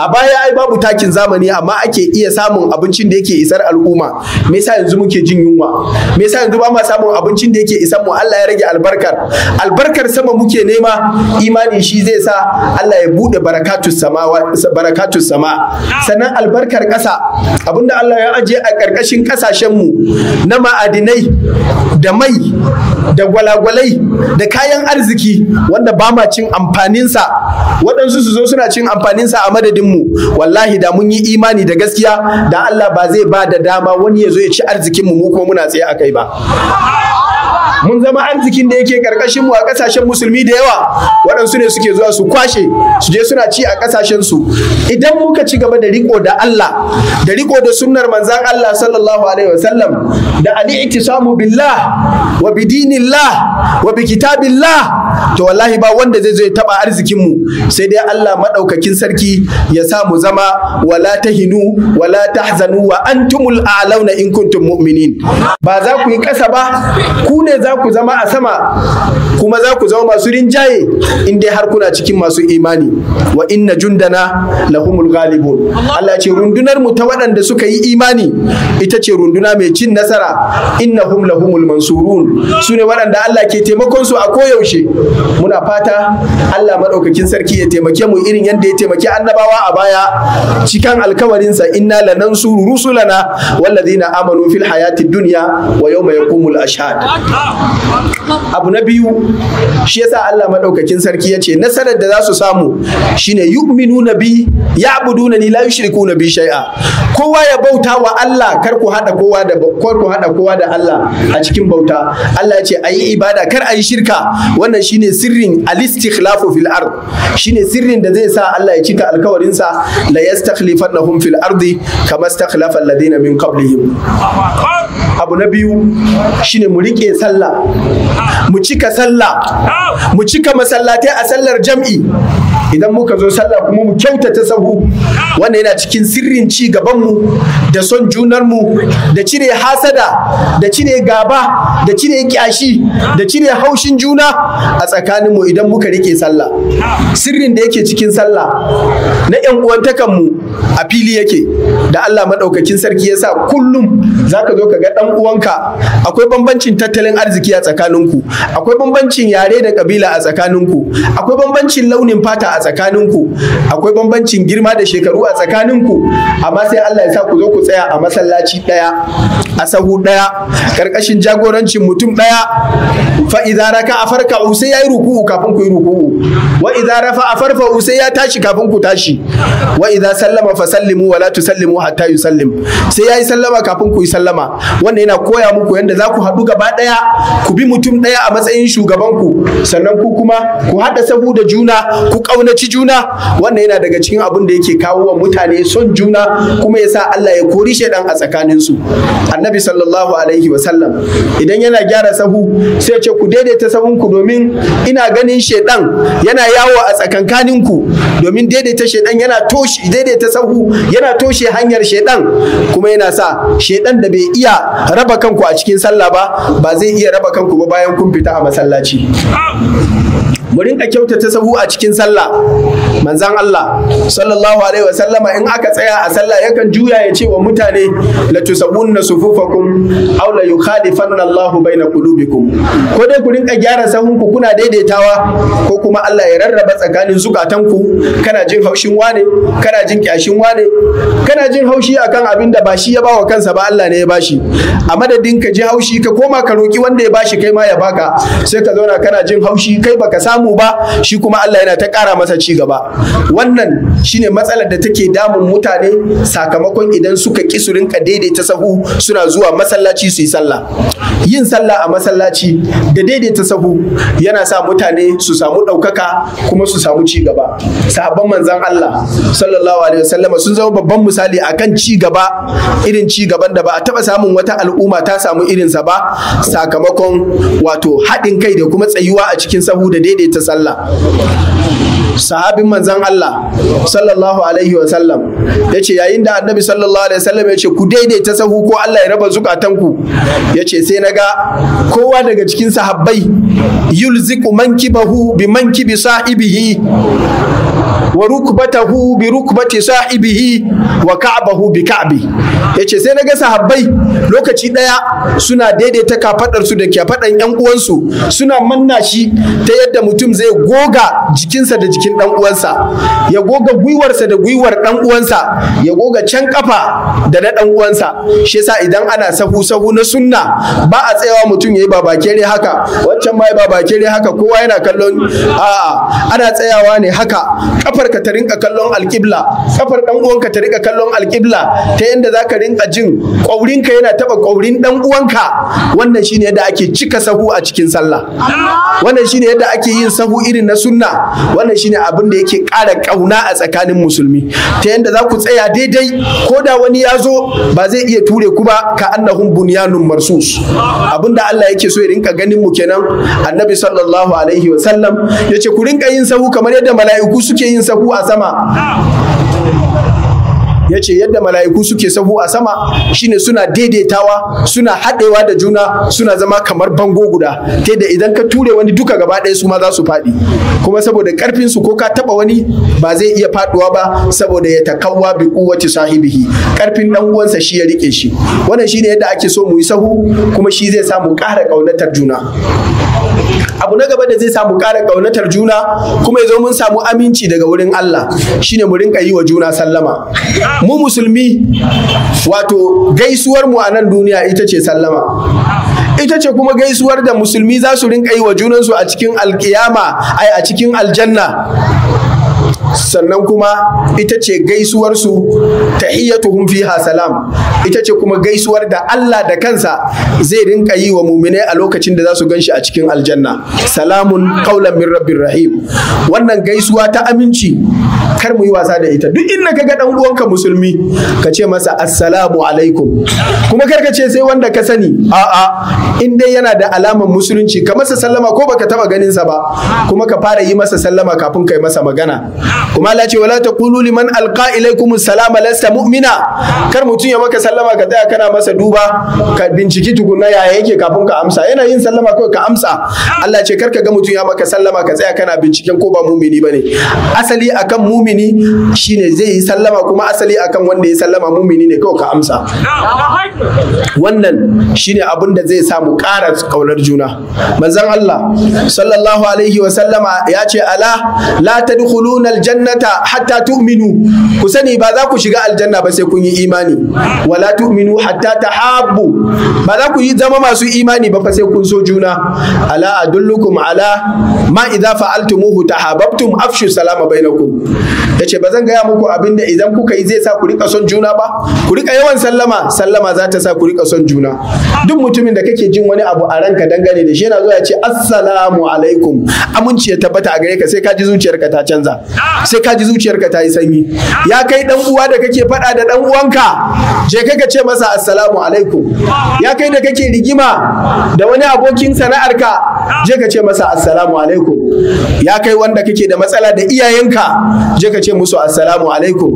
a baya ai babu takin zamani amma ake iya samun abincin da yake isar al'umma me yasa yanzu muke jin yunwa me yasa yanzu ba ma samun abincin da yake isar mu Allah ya rage albarkar albarkar sama muke nema imani shi zai sa Allah ya bude barakatus sama barakatus sama sannan albarkar ƙasa abinda Allah ya aje a ƙarƙashin ƙasashen mu na ma'adinai da mai da gwalagwalai da kayan arziki wanda ba ma cin amfaninsa waɗansu su zo suna cin amfaninsa a madadinmu wallahi da mun yi imani da gaskiya da Allah ba zai ba da dama wani ya zo ya ci arzikinmu mu kuma muna tsaye a kai ba mun zama arzikin da yake karkashin mu a kasashen musulmi da yawa waɗansu ne suke zuwa su kwashe su je suna ci a kasashen su idan muka ci gaba da riko da Allah da riko da sunnar manzan Allah sallallahu alaihi wasallam da ali ittisamu billah wa bidinillah wa bi kitabillah to wallahi ba wanda zai zo ya taba arzikin mu sai dai Allah madaukakin sarki ya sa mu zama wala tahinu wala tahzanu wa antumul a'launa in kuntum mu'minin ba za ku yi kasa ba ku ne za za ku zama a sama kuma za ku zama masu rinjaye in dai har kuna cikin masu imani wa inna jundana lahumul ghalibun Allah ce rundunar mu ta waɗanda suka yi imani ita ce runduna mai cin nasara innahum lahumul mansurun su ne waɗanda Allah ke taimakon su a koyaushe muna fata Allah maɗaukakin sarki ya taimake mu irin yadda ya taimaki annabawa a baya cikan alkawarinsa inna lanansuru rusulana wallazina amanu fil hayatid dunya wa yawma yaqumul ashhad abu na biyu shi yasa Allah madaukakin sarki ya ce nasarar da za su samu shine yuminu bi ya'buduna ni la yushriku bi shay'a kowa ya bauta wa Allah kar ku hada kowa da kar ku hada kowa da Allah a cikin bauta Allah ya ce ayi ibada kar ayi shirka wannan shine sirrin al-istikhlafu fil ard shine sirrin da zai sa Allah ya cika alkawarin sa la yastakhlifannahum fil ardi kama istakhlafa alladhina min qablihim abu na biyu shine mu riƙe sallah mu cika sallah mu cika masallatai a sallar jam'i idan muka zo sallah kuma mu kyautata sahu wanda yana cikin sirrin ci gabanmu da son junarmu da cire hasada da cire gaba da cire kyashi da cire haushin juna a tsakaninmu idan muka rike sallah sirrin da yake cikin sallah na yan uwantakanmu a fili yake da Allah maɗaukakin sarki ya sa kullum ka zo ka ga ɗan uwanka akwai bambancin tattalin arziki a tsakaninku akwai bambancin yare da kabila a tsakaninku akwai bambancin launin fata a a tsakaninku akwai bambancin girma da shekaru a tsakaninku amma sai Allah ya sa ku zo ku tsaya a masallaci ɗaya a sahu ɗaya karkashin jagorancin mutum ɗaya fa idza raka farka sai yayi ruku'u kafin ku yi ruku'u wa idza rafa afarfa sai ya tashi kafin ku tashi wa idza sallama fa sallimu wa la tusallimu hatta yusallim sai yayi sallama kafin ku yi sallama wannan yana koya muku yadda za ku haɗu gaba ɗaya ku bi mutum ɗaya a matsayin shugaban ku sannan ku kuma ku haɗa sahu da juna ku ƙauna kaunaci juna wannan yana daga cikin abin da yake kawo wa mutane son juna kuma ya sa Allah ya kori shaidan a tsakaninsu annabi sallallahu alaihi sallam idan yana gyara sahu sai ce ku daidaita sahunku domin ina ganin shaidan yana yawo a tsakankaninku domin daidaita shaidan yana toshe daidaita sahu yana toshe hanyar shaidan kuma yana sa shaidan da bai iya raba kanku a cikin sallah ba ba zai iya raba kanku ba bayan kun fita a masallaci mu rinka kyautata sahu a cikin sallah manzan Allah sallallahu alaihi wa sallama in aka tsaya a sallah yakan juya ya ce wa mutane la tusabunna sufufakum aw la yukhalifanna Allahu baina qulubikum ko dai ku rinka gyara sahun ku kuna daidaitawa ko kuma Allah ya rarraba tsakanin zukatanku kana jin haushin wane kana jin kyashin wane kana jin haushi akan abin da ba shi ya bawa kansa ba Allah ne ya bashi a madadin ka ji haushi ka koma ka roki wanda ya bashi kai ma ya baka sai ka zauna kana jin haushi kai baka samu samu ba shi kuma Allah yana ta ƙara masa ci gaba wannan shine matsalar da take damun mutane sakamakon idan suka ƙi su rinka daidaita sahu suna zuwa masallaci su yi sallah yin sallah a masallaci da daidaita sahu yana sa mutane su samu ɗaukaka kuma su samu ci gaba sahabban manzon Allah sallallahu alaihi wasallama sun zama babban misali akan ci gaba irin ci gaban da ba a taɓa samun wata al'umma ta samu irinsa ba sakamakon wato haɗin kai da kuma tsayuwa a cikin sahu da daidaita ta sallah sahabin manzan Allah sallallahu alaihi wa sallam yace yayin da annabi sallallahu alaihi wa sallam ce ku daidaita sahu ko Allah ya raba zukatanku yace sai naga kowa daga cikin sahabbai yulziku bahu bi bi sahibihi wa rukbatahu bi rukbati sahibihi wa ka'bahu bi ka'bi yace sai na naga sahabbai lokaci daya suna daidaita kafadar su da kafadan yan uwansu suna manna shi ta yadda mutum zai goga jikinsa da jikin dan uwansa ya goga gwiwarsa da gwiwar dan uwansa ya goga can kafa da na dan uwansa shi yasa idan ana sahu sahu na sunna ba a tsayawa mutum yayi babakere haka wancan ma babakere haka kowa yana kallon a'a ana tsayawa ne haka kafar ka ta rinka kallon alƙibla kafar dan uwanka ta rinka kallon alƙibla ta yanda za ka rinka jin ƙaurin ka yana taba ƙaurin dan uwanka wannan shine yadda ake cika sahu a cikin sallah wannan shine yadda ake yin sahu irin na sunna wannan shine abin da yake ƙara ƙauna a tsakanin musulmi ta yanda za ku tsaya daidai ko da wani ya zo ba zai iya ture ku ba ka annahum bunyanun marsus abin da Allah yake so ya rinka ganin mu kenan annabi sallallahu alaihi wa sallam yace ku rinka yin sahu kamar yadda mala'iku suke yin sahu a sama ya ce yadda mala'iku suke sahu a sama shine suna daidaitawa suna haɗewa da juna suna zama kamar bango guda ta da idan ka ture wani duka gaba ɗaya su ma za su faɗi kuma saboda ƙarfin su ko ka taɓa wani ba zai iya faɗuwa ba saboda ya takawa bi kuwati sahibihi ƙarfin ɗan uwansa shi ya riƙe shi wannan shine yadda ake so mu yi sahu kuma shi zai samu ƙara ƙaunatar juna abu na gaba da zai samu ƙara ƙaunatar juna kuma ya zo mun samu aminci daga wurin Allah shine mu rinka yi wa juna sallama mu musulmi wato gaisuwar mu a nan duniya ita ce sallama ita ce kuma gaisuwar da musulmi za su rinka yi wa junansu a cikin alkiyama ai a cikin aljanna sannan kuma ita ce gaisuwarsu tahiyyatuhum fiha salam ita ce kuma gaisuwar da Allah da kansa zai rinka yi wa muminai a lokacin da za su shi a cikin aljanna salamun qaulan min rabbir rahim wannan gaisuwa ta aminci kar mu yi wasa da ita duk inda ka ga dan uwanka musulmi ka ce masa assalamu alaikum kuma kar ka ce sai wanda ka sani a'a in dai yana da alamar musulunci ka masa sallama ko baka taba ganin sa ba kuma ka fara yi masa sallama kafin kai masa magana kuma Allah ce wala taqulu liman alqa ilaykum salama lasta mu'mina kar mutum ya maka sallama ka tsaya kana masa duba ka binciki tukunna yaya yake kafin ka amsa yana yin sallama kawai ka amsa Allah ce kar ka ga mutum ya maka sallama ka tsaya kana binciken ko ba mumini bane asali akan mumini shine zai yi sallama kuma asali akan wanda ya sallama mumini ne kawai ka amsa wannan shine abin da zai samu kara ƙara kaunar juna manzon Allah sallallahu alaihi wa sallama ya ce ala la tadkhuluna aljannata hatta tu'minu ku sani ba za ku shiga aljanna ba sai kun yi imani wala tu'minu hatta tahabbu ba za ku yi zama masu imani ba fa sai kun so juna ala adullukum ala ma idza fa'altumuhu tahabbtum afshu salama bainakum yace ba zan gaya muku abin da idan kuka yi zai sa ku rika son juna ba ku rika yawan sallama sallama za ta sa ku rika son juna duk mutumin da kake jin wani abu a ranka dangane da shi yana zuwa ya ce assalamu alaikum aminci ya tabbata a gare ka sai ka ji zuciyarka ta canza sai ka ji zuciyarka ta yi sanyi ya kai dan uwa da kake faɗa da dan uwanka je kai ka ce masa assalamu alaikum ya kai da kake rigima da wani abokin sana'arka je ka ce masa assalamu alaikum ya kai wanda kake da matsala da iyayenka je ka ce musu assalamu alaikum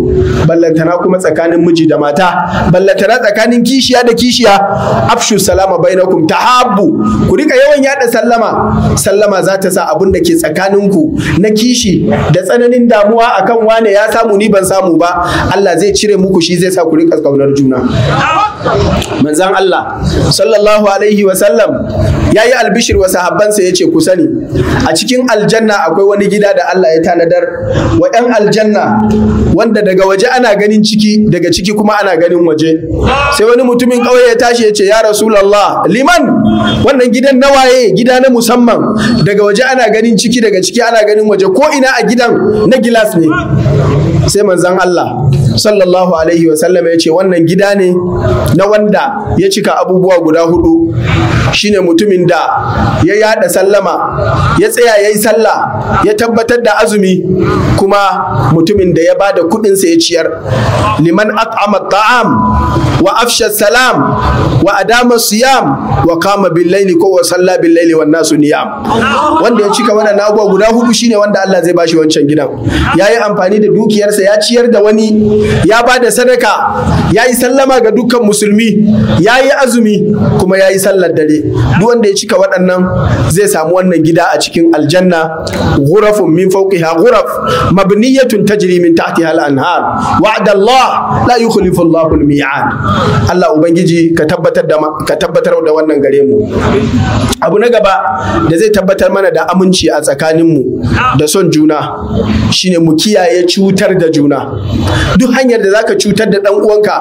ballantana kuma tsakanin miji da mata ballantana tsakanin kishiya da kishiya afshu salama bainakum tahabbu ku rika yawan yada sallama sallama za ta sa abun da ke tsakaninku na kishi da tsananin damuwa akan wane ya samu ni ban samu ba Allah zai cire muku shi zai sa ku rika kaunar juna manzon Allah sallallahu alaihi wa sallam ya yi albishir wa sahabbansa ya ce ku sani a cikin aljanna akwai wani gida da Allah ya tanadar wa 'yan aljanna wanda daga waje ana ganin ciki daga ciki kuma ana ganin waje sai wani mutumin ƙauye ya tashi ya ce ya rasulallah liman wannan gidan na waye gida na musamman daga waje ana ganin ciki daga ciki ana ganin waje ko ina a gidan na gilas ne sai manzan Allah sallallahu alaihi wa wasallam ya ce wannan gida ne na wanda ya cika abubuwa guda hudu shine mutumin da ya yada sallama ya tsaya ya yi sallah ya tabbatar da azumi kuma mutumin da ya ba da sa ya ciyar liman at'ama ta'am wa afsha salam wa adama siyam wa kama billaili ko wa salla billaili wan nasu niyam wanda ya cika wannan nagwa guda hudu shine wanda Allah zai bashi wancan gidan yayi amfani da dukiyarsa ya ciyar da wani ya ba da sadaka yayi sallama ga dukkan musulmi yayi azumi kuma yayi sallar dare duk wanda ya cika waɗannan zai samu wannan gida a cikin aljanna ghurafun min fawqiha ghuraf mabniyatun tajri min tahtiha al-anhar wa'ada Allah la yukhlifu Allah al-mi'ad Allah ubangiji ka tabbatar da ka tabbatar da wannan gare mu abu na gaba da zai tabbatar mana da aminci a tsakanin mu da son juna shine mu kiyaye cutar da juna duk hanyar da zaka cutar da dan uwanka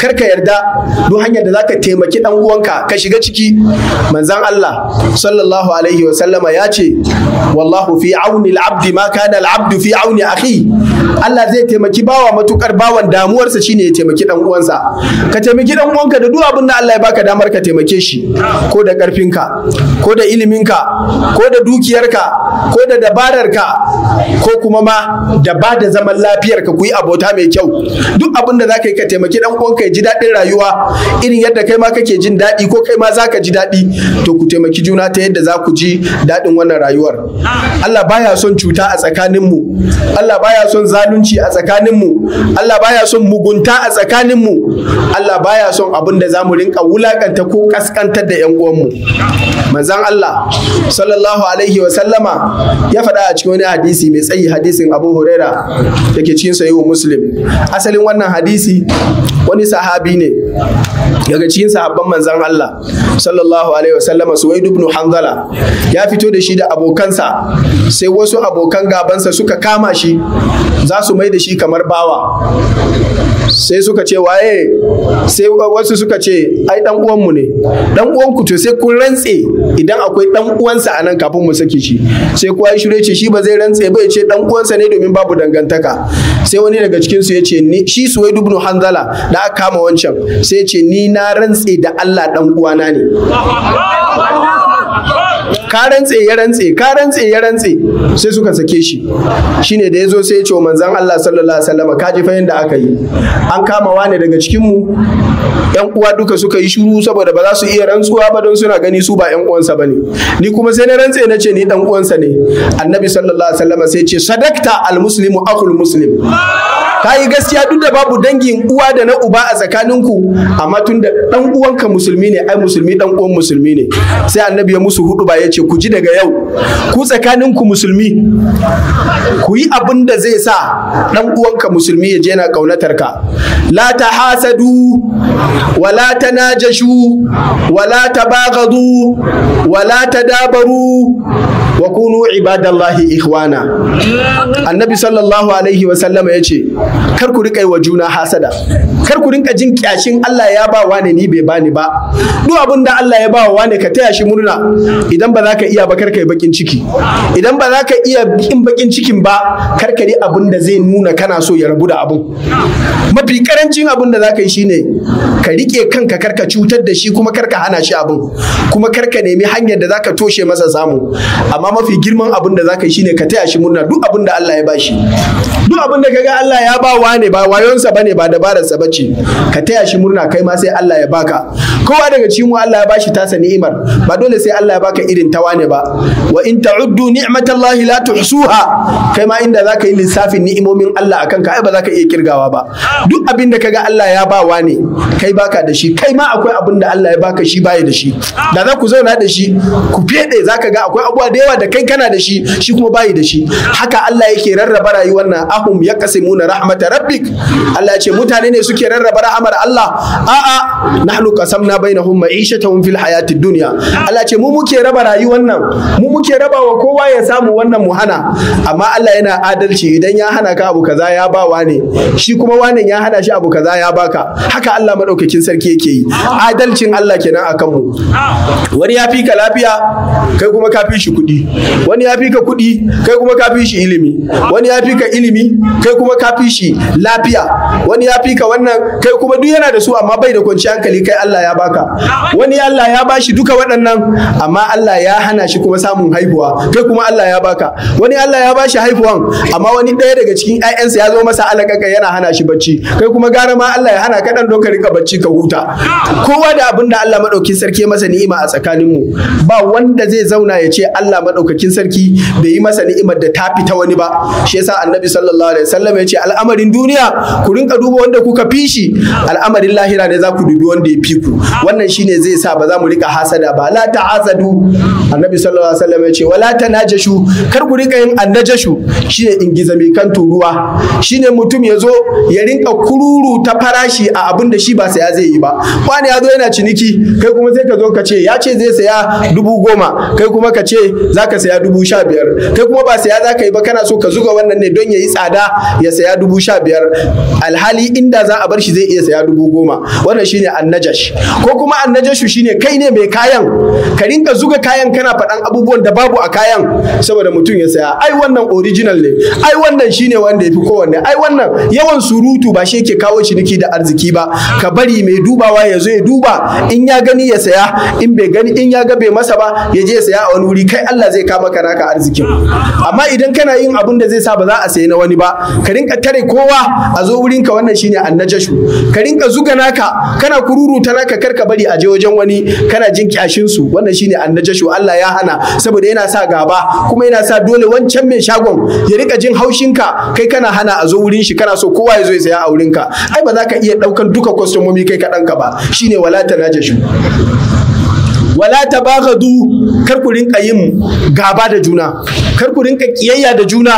kar ka yarda duk hanyar da zaka taimaki dan uwanka ka shiga ciki manzan Allah sallallahu alaihi ya ce wallahu fi auni al-abdi ma kana al-abdu fi auni akhi Allah zai taimaki bawa matukar bawan damuwarsa shine ya taimaki dan uwansa ka taimaki dan uwanka da duk abin da Allah ya baka damar ka taimake shi ko da karfinka ko da iliminka ko da dukiyarka ko da dabararka ko kuma ma da ba da zaman lafiyarka ku yi abota mai kyau duk abin da zaka yi ka taimaki dan uwanka ya ji daɗin rayuwa irin yadda kai ma kake jin daɗi ko kai ma zaka ji daɗi to ku taimaki juna ta yadda za ku ji daɗin wannan rayuwar Allah baya son cuta a tsakaninmu Allah baya son son zalunci a tsakaninmu Allah baya son mugunta a tsakaninmu Allah baya son abin da za mu rinka wulakanta ko kaskantar da 'yan uwanmu manzan Allah sallallahu alaihi wa sallama ya faɗa a cikin wani hadisi mai tsayi hadisin Abu Huraira dake cikin sahihu Muslim asalin wannan hadisi wani sahabi ne daga cikin sahabban manzan Allah sallallahu alaihi wasallama Suwaid ibn Hanzala ya fito da shi da abokansa sai wasu abokan gabansa suka kama shi za su mai da shi kamar bawa sai suka ce waye sai wasu suka ce ai dan uwanmu ne dan uwanku to sai kun rantse idan akwai dan uwansa a nan kafin mu saki shi sai kowa ya shure ce shi ba zai rantse ba ya ce dan uwansa ne domin babu dangantaka sai wani daga cikin su ya ce ni shi Suwaid ibn Hanzala da aka kama wancan sai ya ce ni na rantse da Allah dan uwana ne ka rantse ya rantse ka rantse ya rantse sai suka sake shi shine da yazo sai ya ce wa manzon Allah sallallahu alaihi wasallam ka ji fa da aka yi an kama wani daga cikin mu yan uwa duka suka yi shiru saboda ba za su iya rantsuwa ba don suna gani su ba yan uwansa bane ni kuma sai na rantse na ce ni dan uwansa ne annabi sallallahu alaihi wasallam sai ce sadakta almuslimu akhul muslim yi gaskiya duk da babu dangin uwa da na uba a tsakaninku amma tun da dan uwanka musulmi ne ai musulmi dan uwan musulmi ne sai annabi ya musu hudu ba ya ce ku ji daga yau ku tsakanin ku musulmi ku yi abin da zai sa ɗan uwanka musulmi ya je na ƙaunatar ka la ta hasadu wa la ta najashu wa la ta bagadu wa la ta dabaru wa kunu ibadallahi ikhwana annabi sallallahu alaihi wa sallama yace kar ku rika wa juna hasada kar ku rinka jin kyashin Allah ya ba wane ni bai bani ba duk abinda Allah ya ba wane ka taya shi murna idan ba za ka iya ba kar kai bakin ciki idan ba za ka iya yin bakin cikin ba kar ka yi abin da zai nuna kana so ya rabu da abun mafi karancin abin da za ka yi shine ka rike kanka kar ka cutar da shi kuma kar ka hana shi abin kuma kar ka nemi hanyar da za ka toshe masa samu amma amma mafi girman abin da za ka yi shine ka taya shi murna duk abin da Allah ya bashi duk abin da kaga Allah ya ba wa ne ba wayonsa bane ba dabararsa bace ka taya shi murna kai ma sai Allah ya baka kowa daga cikin mu Allah ya bashi tasa ni'imar ba dole sai Allah ya baka irin ta wane ba wa in ta'uddu ni'matallahi la tuhsuha kai ma inda zaka yi lissafin ni'imomin Allah akan ka ai ba zaka iya kirgawa ba duk abin da kaga Allah ya ba wa ne kai baka da shi kai ma akwai abin da Allah ya baka shi baya da shi da za ku zauna da shi ku fede zaka ga akwai abuwa da yawa da kai kana da shi shi kuma bayi da shi haka Allah yake rarraba rayuwar nan hum yaqsimuna rahmata rabbik Allah ya ce mutane ne suke rarraba rahmar Allah a'a nahnu qasamna bainahum ma'ishatahum fil hayati dunya Allah ya ce mu muke raba rayuwar nan mu muke raba wa kowa ya samu wannan mu hana amma Allah yana adalci idan ya hana ka abu kaza ya ba wa ne shi kuma wannan ya hana shi abu kaza ya baka haka Allah madaukakin sarki yake yi adalcin Allah kenan akan mu wani ya fi ka lafiya kai kuma ka fi shi kuɗi wani ya fi ka kuɗi kai kuma ka fi shi ilimi wani ya fi ka ilimi kai kuma ka fi shi lafiya wani ya fi ka wannan kai kuma duk yana da su amma bai da kwanciyar hankali kai Allah ya baka wani Allah ya bashi duka waɗannan amma Allah ya hana shi kuma samun haihuwa kai kuma Allah ya baka wani Allah ya bashi haihuwan amma wani ɗaya daga cikin ƴaƴansa ya zo masa alaƙaƙa yana hana shi bacci kai kuma gara ma Allah ya hana ka dan don ka rika bacci ka huta kowa da abin da Allah madaukakin sarki ya masa ni'ima a tsakanin mu ba wanda zai zauna ya ce Allah madaukakin sarki bai yi masa ni'imar da ta fita wani ba shi yasa annabi sallallahu sallallahu alaihi wasallam ya al'amarin duniya ku rinka duba wanda kuka fi shi al'amarin lahira ne za ku dubi wanda ya fi ku wannan shine zai sa ba za mu rika hasada ba la ta'azadu annabi sallallahu alaihi wasallam ya wala tanajashu kar ku rika yin annajashu shine ingiza mai kan turuwa shine mutum ya zo ya rinka kururu ta farashi a abin da shi ba saya zai yi ba kwani ya zo yana ciniki kai kuma sai ka zo ka ce ya ce zai saya dubu goma kai kuma ka ce za ka saya dubu sha biyar kai kuma ba saya za ka yi ba kana so ka zuga wannan ne don ya yi tsada tsada ya saya dubu sha biyar alhali inda za a bar shi zai iya saya dubu goma wannan shine annajash ko kuma annajashu shine kai ne mai kayan ka rinka zuga kayan kana faɗan abubuwan da babu a kayan saboda mutum ya saya ai wannan original ne ai wannan shine wanda ya kowanne ai wannan yawan surutu ba shi yake kawo ciniki da arziki ba ka bari mai dubawa ya zo ya duba in ya gani ya saya in bai gani in ya ga bai masa ba ya je ya saya a wani wuri kai Allah zai kama ka naka arzikin amma idan kana yin abin da zai sa ba za a sayi na wani wani ba ka rinka tare kowa a zo wurin ka wannan shine annajashu ka rinka zuga naka kana kururu ta naka karka bari a je wajen wani kana jin kyashin su wannan shine annajashu Allah ya hana saboda yana sa gaba kuma yana sa dole wancan mai shagon ya rika jin haushin ka kai kana hana a zo wurin shi kana so kowa ya zo ya saya a wurin ka ai ba za ka iya daukan duka kwastomomi kai kaɗan ka ba shine wala najashu. wala ta tabaghadu kar ku rinka yin gaba da juna kar ku rinka kiyayya da juna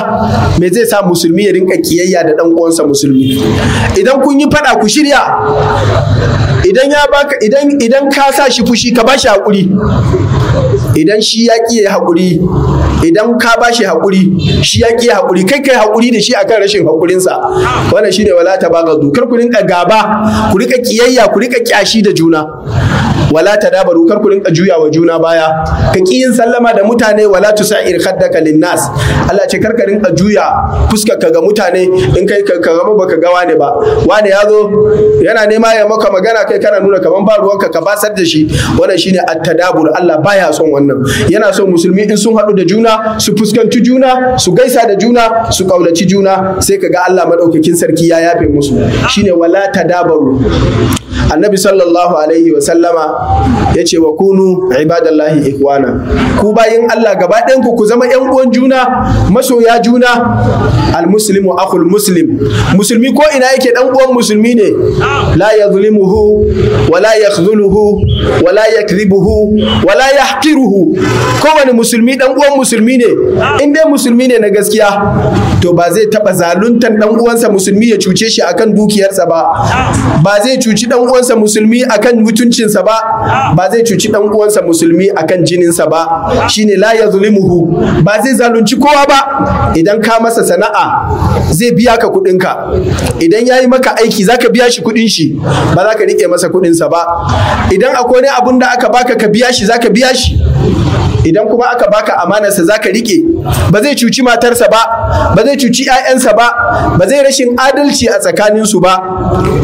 me zai sa musulmi ya rinka kiyayya da dan uwansa musulmi idan kun yi fada ku shirya idan ya baka idan idan ka sa shi fushi ka bashi hakuri idan shi ya kiye hakuri idan ka bashi hakuri shi ya kiye hakuri kai kai hakuri da shi akan rashin hakurinsa wannan shine wala ta tabaghadu kar ku rinka gaba ku rinka kiyayya ku rinka kyashi da juna wala dabaru kar ku rinka rinka juya wa juna baya ka ki yin sallama da mutane wala sa'ir khaddaka linnas Allah ce karka rinka juya fuskarka ga mutane in kai ka gama baka ga wane ba wane ya yana nema ya maka magana kai kana nuna kaman ba ruwanka ka basar da shi wannan shine at-tadabur Allah baya son wannan yana son musulmi in sun haɗu da juna su fuskanci juna su gaisa da juna su kaunaci juna sai ka ga Allah madaukakin sarki ya yafe musu shine wala tadabaru annabi sallallahu alaihi wa sallama ya ce wa kunu ibadallahi ikwana ku bayin Allah gaba ku ku zama yan uwan juna masoya juna al muslimu akhul muslim musulmi ko ina yake dan uwan musulmi ne la yazlimuhu wa la yakhzuluhu wa la yakdhibuhu wa la yahqiruhu kowane musulmi dan uwan musulmi ne in dai musulmi ne na gaskiya to ba zai taba zaluntar dan uwansa musulmi ya cuce shi akan dukiyarsa ba ba zai cuci dan uwansa musulmi akan mutuncinsa ba ba zai cuci dan uwansa musulmi akan jininsa ba shine la yazlimuhu ba zai zalunci kowa ba idan ka masa sana'a zai biya ka kuɗinka, ka idan yayi maka aiki zaka biya shi kuɗin shi ba za rike masa kuɗinsa sa ba idan akwai wani abun da aka baka ka biya shi zaka biya shi idan kuma aka baka amanarsa zaka rike ba zai cuci matarsa ba ba zai cuci 'ya'yansa ba ba zai rashin adalci a tsakaninsu ba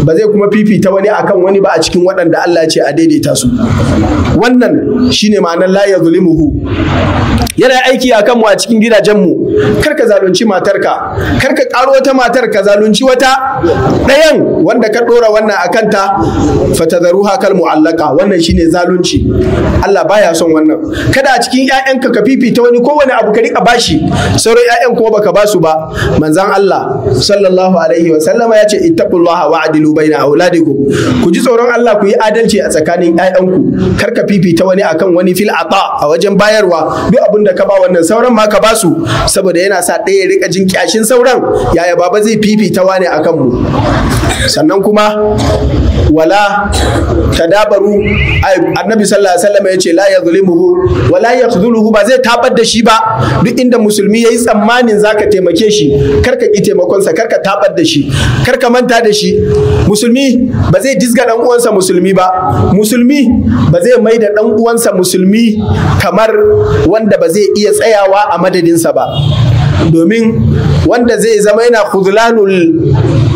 ba zai kuma fifita wani akan wani ba a cikin waɗanda Allah ce a daidaita su wannan shine ma'anar la zulimuhu yana aiki a kanmu a cikin gidajenmu kar ka zalunci matarka kar ka karo wata matar ka zalunci wata ɗayan wanda ka ɗora wannan a kanta kan hakal mu'allaka wannan shine zalunci Allah baya son wannan kada a cikin 'ya'yanka ka fifita wani kowane abu ka rika bashi sauran ƴaƴan kuma baka basu ba manzan Allah sallallahu alaihi wa sallama ya ce ittaqullaha wa adilu baina auladikum ku ji tsoron Allah ku yi adalci a tsakanin ƴaƴanku kar ka fifita wani akan wani fil ata a wajen bayarwa duk abin da ka ba wannan sauran ma ka basu saboda yana sa ɗaya ya rika jin kyashin sauran yaya baba zai fifita wani akan mu sannan kuma wala tadabaru annabi sallallahu alaihi wasallam ya ce la yazlimuhu wala yakhdhuluhu ba zai tabar da shi ba duk duk inda musulmi yayi tsammanin za ka taimake shi karka ki taimakonsa, sa karka tabar da shi karka manta da shi musulmi ba zai disga dan uwansa musulmi ba musulmi ba zai mai da dan uwansa musulmi kamar wanda ba zai iya tsayawa a madadinsa ba domin wanda zai zama yana khuzlanul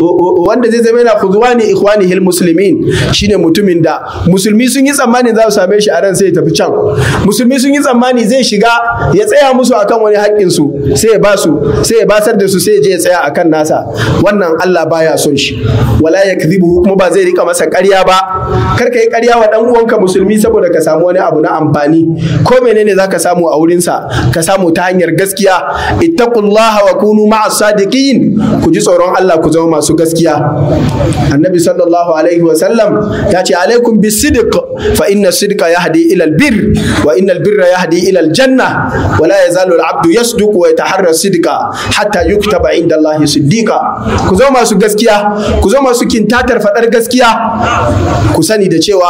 wanda zai zama yana ne ikwani hil muslimin shine mutumin da musulmi sun yi tsammani za su same shi a ran sai ya tafi can musulmi sun yi tsammani zai shiga ya tsaya musu akan wani haƙƙin su sai ya ba su sai ya basar da su sai ya je ya tsaya akan nasa wannan Allah baya son shi wala yakzibu kuma ba zai rika masa ƙarya ba kar ka yi ƙarya wa dan uwanka musulmi saboda ka samu wani abu na amfani ko menene zaka samu a wurin sa ka samu ta hanyar gaskiya ittaqullaha wa kunu ma'as sadiqin ku ji tsoron Allah ku zama masu masu gaskiya annabi sallallahu alaihi wa sallam ya ce alaikum sidiq fa inna sidqa yahdi ila albir wa inna albirra yahdi ila aljanna wa la yazalu alabdu yasduq wa yataharra sidqa hatta yuktaba inda allahi siddiqa ku zo masu gaskiya ku zo masu kintatar fadar gaskiya ku sani da cewa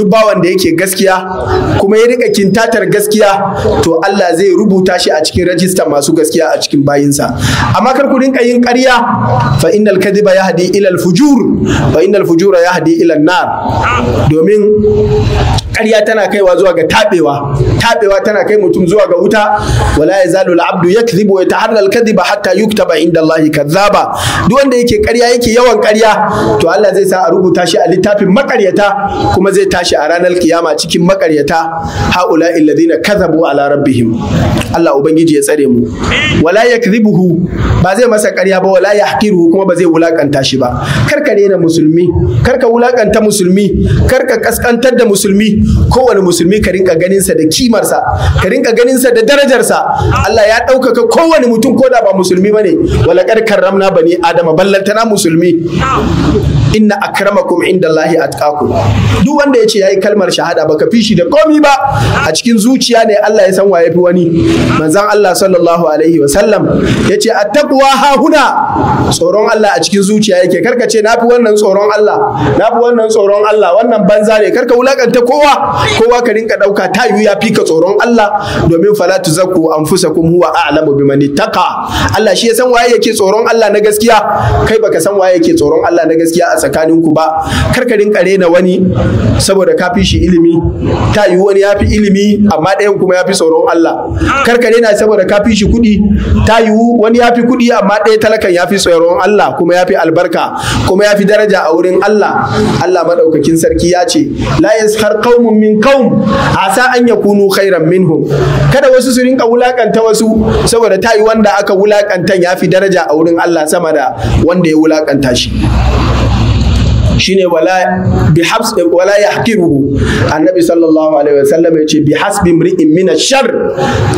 duk bawan da yake gaskiya kuma ya rika kintatar gaskiya to Allah zai rubuta shi a cikin rajistar masu gaskiya a cikin bayinsa amma kar ku rinka yin ƙarya fa innal kadhiba yahdi ila al-fujur wa inna al-fujura yahdi ila an-nar domin ƙarya tana kaiwa zuwa ga taɓewa taɓewa tana kai mutum zuwa ga wuta wala ya zalu abdu ya kadhibu ya taharra al-kadhiba hatta yuktaba inda Allah kadhaba duk wanda yake ƙarya yake yawan ƙarya to Allah zai sa a rubuta shi a littafin makaryata kuma zai tashi a ranar kiyama cikin makaryata haula illadina kadhabu ala rabbihim Allah ubangiji ya tsare mu wala yakdhibuhu ba zai masa ƙarya ba wala hakiru kuma ba zai wulakanta shi ba karka rena musulmi karka wulakanta musulmi karka kaskantar da musulmi kowane musulmi ka rinka ganinsa da kimarsa ka rinka ganinsa da darajarsa Allah ya ɗaukaka kowane mutum ko da ba musulmi ba ne walakar karramna bani adama ballantana musulmi inna akramakum indallahi atqakum duk wanda ya ce ya yi kalmar shahada baka shi da komi ba a cikin zuciya ne Allah ya san waye fi wani manzon Allah sallallahu alaihi wa sallam yace attaqwa ha huna tsoron Allah a cikin zuciya yake karka ce nafi wannan tsoron Allah nafi wannan tsoron Allah wannan banza ne karka wulakanta kowa kowa ka rinka Ta tayu ya fi ka tsoron Allah domin fala tuzakku anfusakum huwa a'lamu biman ittaqa Allah shi ya san waye yake tsoron Allah na gaskiya kai baka san waye yake tsoron Allah na gaskiya a tsakanin ku ba kar ka rinka rena wani saboda ka fi shi ilimi ta yi wani ya fi ilimi amma ɗayan kuma ya fi tsoron Allah kar ka rena saboda ka fi shi kuɗi ta yi wani ya fi kuɗi amma ɗaya talakan ya fi tsoron Allah kuma ya fi albarka kuma ya fi daraja a wurin Allah Allah madaukakin sarki ya ce la yaskar qaumun min qaum asa an yakunu khairan minhum kada wasu su rinka wulakanta wasu saboda ta yi wanda aka wulakantan ya fi daraja a wurin Allah sama da wanda ya wulakanta shi shine wala bi habs wala yahkiru annabi sallallahu alaihi wasallam yace bi hasbi mri'in min ash-shar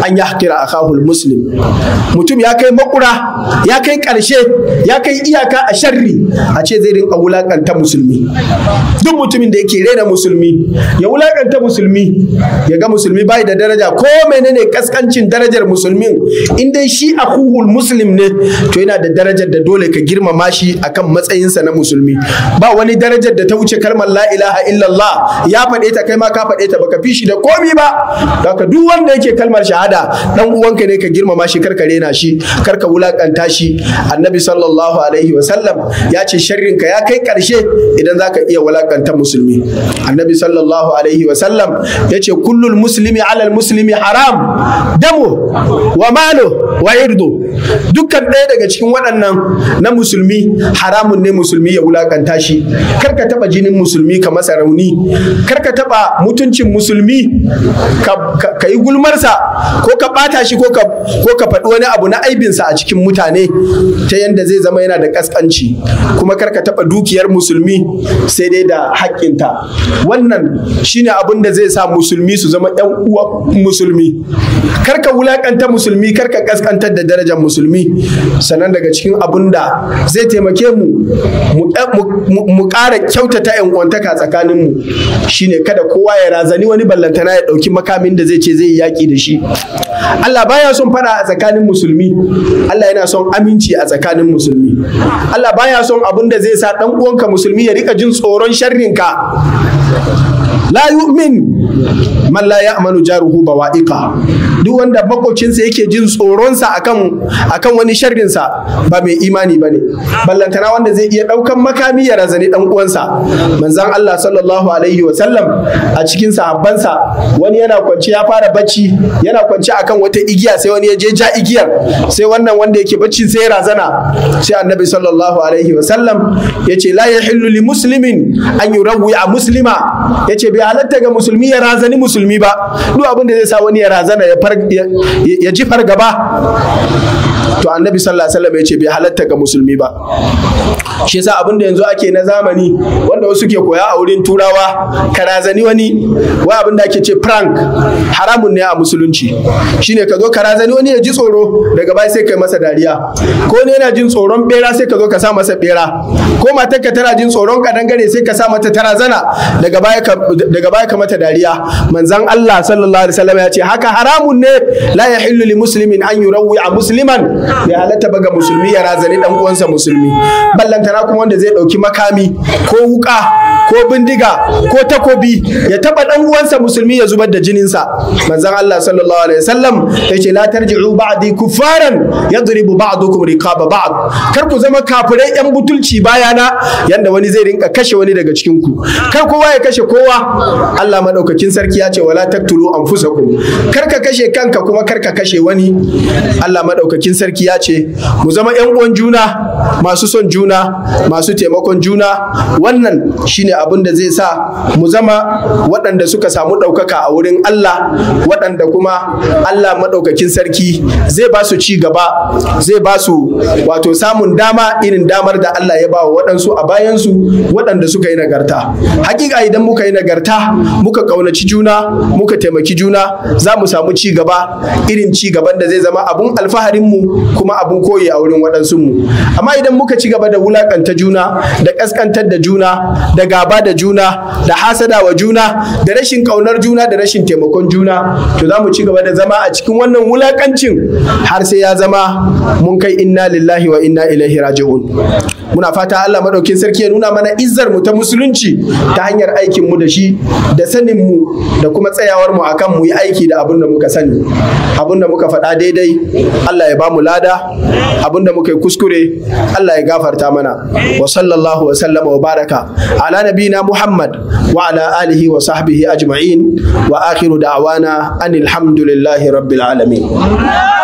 an yahkira akahu muslim mutum ya kai makura ya kai karshe ya kai iyaka a sharri a ce zai rinka wulakanta musulmi duk mutumin da yake rena musulmi ya wulakanta musulmi ya ga musulmi bai da daraja ko menene kaskancin darajar musulmin in dai shi akuhul muslim ne to yana da darajar da dole ka girmama shi akan matsayinsa na musulmi ba wani darajar da ta wuce kalmar la ilaha illallah ya faɗe ta kai ma ka faɗe ta baka fi shi da komi ba haka duk wanda yake kalmar shahada dan uwanka ne ka girmama shi karka rena shi karka wulakanta shi annabi sallallahu alaihi sallam ya ce sharrin ka ya kai karshe idan zaka iya wulakanta musulmi annabi sallallahu alaihi sallam ya ce kullul muslimi alal muslimi haram damu wa malo wa irdu dukkan ɗaya daga cikin waɗannan na musulmi haramun ne musulmi ya wulakanta shi kar ka taba jinin musulmi ka masa rauni kar ka taba mutuncin musulmi ka yi gulmarsa ko ka bata shi ko ka faɗi wani abu na aibinsa a cikin mutane ta yanda zai zama yana da kaskanci kuma kar ka taba dukiyar musulmi sai dai da haƙƙinta wannan shine abin da zai sa musulmi su zama ɗan uwa musulmi kar ka wulakanta musulmi kar ka kaskantar da darajar musulmi sannan daga cikin abin da zai taimake mu mu ƙara kyautata yan uwantaka tsakanin mu shine kada kowa ya razani wani ballantana ya ɗauki makamin da zai ce zai yi yaƙi da shi Allah baya son fada a tsakanin musulmi Allah yana son aminci a tsakanin musulmi Allah baya son abin da zai sa ɗan uwanka musulmi ya rika jin tsoron sharrinka la yu'min man la ya'malu jaruhu bawa'iqa duk wanda makocinsa yake jin tsoronsa akan akan wani sharrin sa ba mai imani bane ballantana wanda zai iya daukan makami ya razani dan uwansa manzon Allah sallallahu alaihi wa sallam a cikin sahabbansa wani yana kwance ya fara bacci yana kwance akan wata igiya sai wani ya je ja igiyar sai wannan wanda yake bacci sai ya razana sai annabi sallallahu alaihi wa sallam yace la yahillu li muslimin an yurawi a muslima yace bai halatta ga musulmi ya razani musulmi musulmi ba duk abin da zai sa wani ya razana ya ji fargaba to annabi sallallahu alaihi wasallam ya ce bai halatta ga musulmi ba shi yasa abin da yanzu ake na zamani wanda wasu ke koya a wurin turawa karazani wani wa abin da ake ce prank haramun ne a musulunci shine ka zo karazani wani ya ji tsoro daga baya sai kai masa dariya ko ne yana jin tsoron bera sai ka zo ka sa masa bera ko matarka tana jin tsoron kadangare sai ka sa mata tarazana daga baya ka daga baya ka mata dariya manzon Allah sallallahu alaihi wasallam ya ce haka haramun ne la yahillu li muslimin an a musliman ya halatta ba ga musulmi ya razani dan uwansa musulmi ballan ballantana kuma wanda zai ɗauki makami ko wuƙa ko bindiga ko takobi ya taba ɗan uwansa musulmi ya zubar da jininsa manzon Allah sallallahu alaihi wasallam ce la tarji'u ba'di kuffaran yadribu ba'dukum riqaba ba'd kar ku zama kafirai yan butulci bayana yanda wani zai rinka kashe wani daga cikin ku kar kowa ya kashe kowa Allah madaukakin sarki ya ce wala taktulu anfusakum kar ka kashe kanka kuma kar ka kashe wani Allah madaukakin sarki ya ce mu zama yan uwan juna masu son juna masu taimakon juna wannan shine abin da zai sa mu zama waɗanda suka samu ɗaukaka a wurin Allah waɗanda kuma Allah maɗaukakin sarki zai ba su ci gaba zai ba su wato samun dama irin damar da Allah ya ba wa waɗansu a bayansu waɗanda suka yi nagarta hakika idan muka yi nagarta muka ƙaunaci juna muka taimaki juna za mu samu ci gaba irin ci gaban da zai zama abun alfaharinmu kuma abun koyi a wurin mu amma idan muka ci gaba da wula wulakanta juna da ƙasƙantar da juna da gaba da juna da hasada wa juna da rashin ƙaunar juna da rashin taimakon juna to za mu ci gaba da zama a cikin wannan wulakancin har sai ya zama mun kai inna lillahi wa inna ilaihi raji'un muna fata Allah madaukin sarki ya nuna mana izzar mu ta musulunci ta hanyar aikin mu da shi da sanin mu da kuma tsayawar mu akan mu yi aiki da abin da muka sani abin da muka faɗa daidai Allah ya ba mu lada abin da muka yi kuskure Allah ya gafarta mana wa sallallahu wa sallama wa baraka ala nabina Muhammad wa ala alihi wa sahbihi ajma'in wa akhiru da'wana anil hamdulillahi rabbil alamin